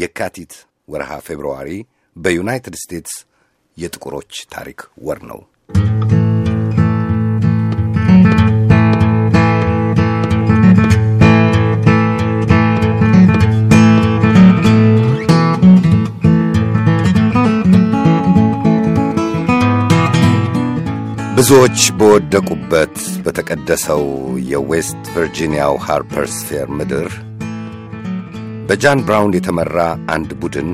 የካቲት ወርሃ ፌብርዋሪ በዩናይትድ ስቴትስ የጥቁሮች ታሪክ ወር ነው። ብዙዎች በወደቁበት በተቀደሰው የዌስት ቨርጂኒያው ሃርፐርስፌር ምድር በጃን ብራውን የተመራ አንድ ቡድን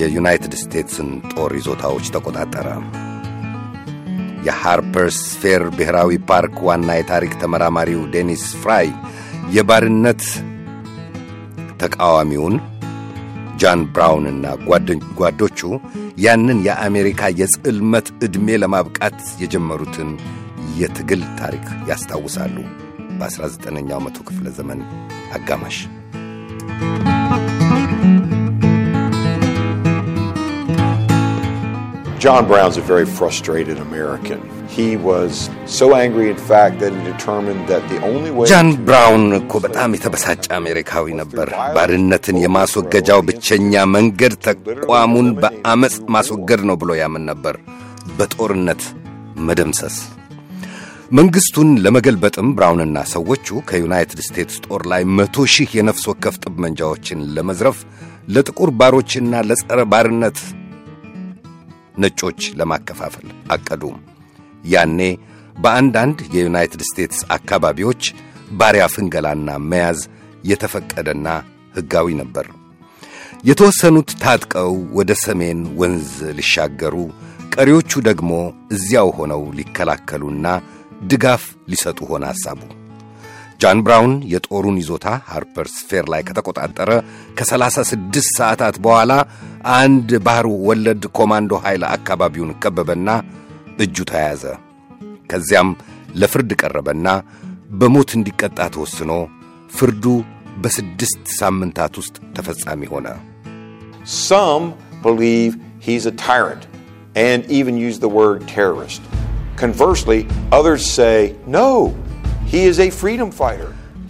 የዩናይትድ ስቴትስን ጦር ይዞታዎች ተቆጣጠረ። የሃርፐርስፌር ብሔራዊ ፓርክ ዋና የታሪክ ተመራማሪው ዴኒስ ፍራይ የባርነት ተቃዋሚውን ጃን ብራውን እና ጓዶቹ ያንን የአሜሪካ የጽልመት ዕድሜ ለማብቃት የጀመሩትን የትግል ታሪክ ያስታውሳሉ። በ19ኛው መቶ ክፍለ ዘመን አጋማሽ John Brown's a very frustrated American. He was so angry, in fact, that he determined that the only way ጃን ብራውን እኮ በጣም የተበሳጨ አሜሪካዊ ነበር። ባርነትን የማስወገጃው ብቸኛ መንገድ ተቋሙን በአመፅ ማስወገድ ነው ብሎ ያምን ነበር፣ በጦርነት መደምሰስ። መንግሥቱን ለመገልበጥም ብራውንና ሰዎቹ ከዩናይትድ ስቴትስ ጦር ላይ መቶ ሺህ የነፍስ ወከፍ ጠመንጃዎችን ለመዝረፍ ለጥቁር ባሮችና ለጸረ ባርነት ነጮች ለማከፋፈል አቀዱ። ያኔ በአንዳንድ የዩናይትድ ስቴትስ አካባቢዎች ባሪያ ፍንገላና መያዝ የተፈቀደና ሕጋዊ ነበር። የተወሰኑት ታጥቀው ወደ ሰሜን ወንዝ ሊሻገሩ፣ ቀሪዎቹ ደግሞ እዚያው ሆነው ሊከላከሉና ድጋፍ ሊሰጡ ሆነ ሐሳቡ። ጃን ብራውን የጦሩን ይዞታ ሃርፐርስ ፌር ላይ ከተቆጣጠረ ከ36 ሰዓታት በኋላ አንድ ባህር ወለድ ኮማንዶ ኃይል አካባቢውን ከበበና እጁ ተያዘ። ከዚያም ለፍርድ ቀረበና በሞት እንዲቀጣ ተወስኖ ፍርዱ በስድስት ሳምንታት ውስጥ ተፈጻሚ ሆነ። Some believe he's a tyrant and even use the word terrorist. Conversely, others say no.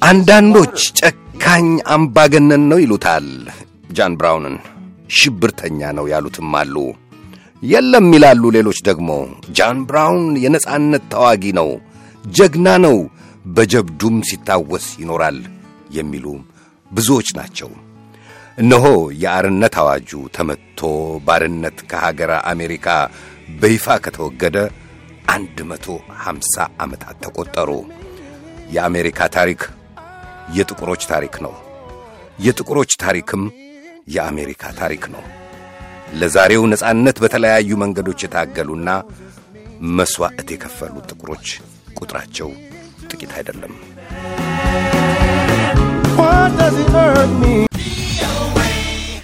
አንዳንዶች ጨካኝ አምባገነን ነው ይሉታል ጃን ብራውንን። ሽብርተኛ ነው ያሉትም አሉ። የለም ይላሉ ሌሎች ደግሞ። ጃን ብራውን የነጻነት ታዋጊ ነው፣ ጀግና ነው፣ በጀብዱም ሲታወስ ይኖራል የሚሉ ብዙዎች ናቸው። እነሆ የአርነት አዋጁ ተመትቶ ባርነት ከሀገረ አሜሪካ በይፋ ከተወገደ አንድ መቶ ሃምሳ ዓመታት ተቆጠሩ። የአሜሪካ ታሪክ የጥቁሮች ታሪክ ነው። የጥቁሮች ታሪክም የአሜሪካ ታሪክ ነው። ለዛሬው ነጻነት በተለያዩ መንገዶች የታገሉና መሥዋዕት የከፈሉ ጥቁሮች ቁጥራቸው ጥቂት አይደለም።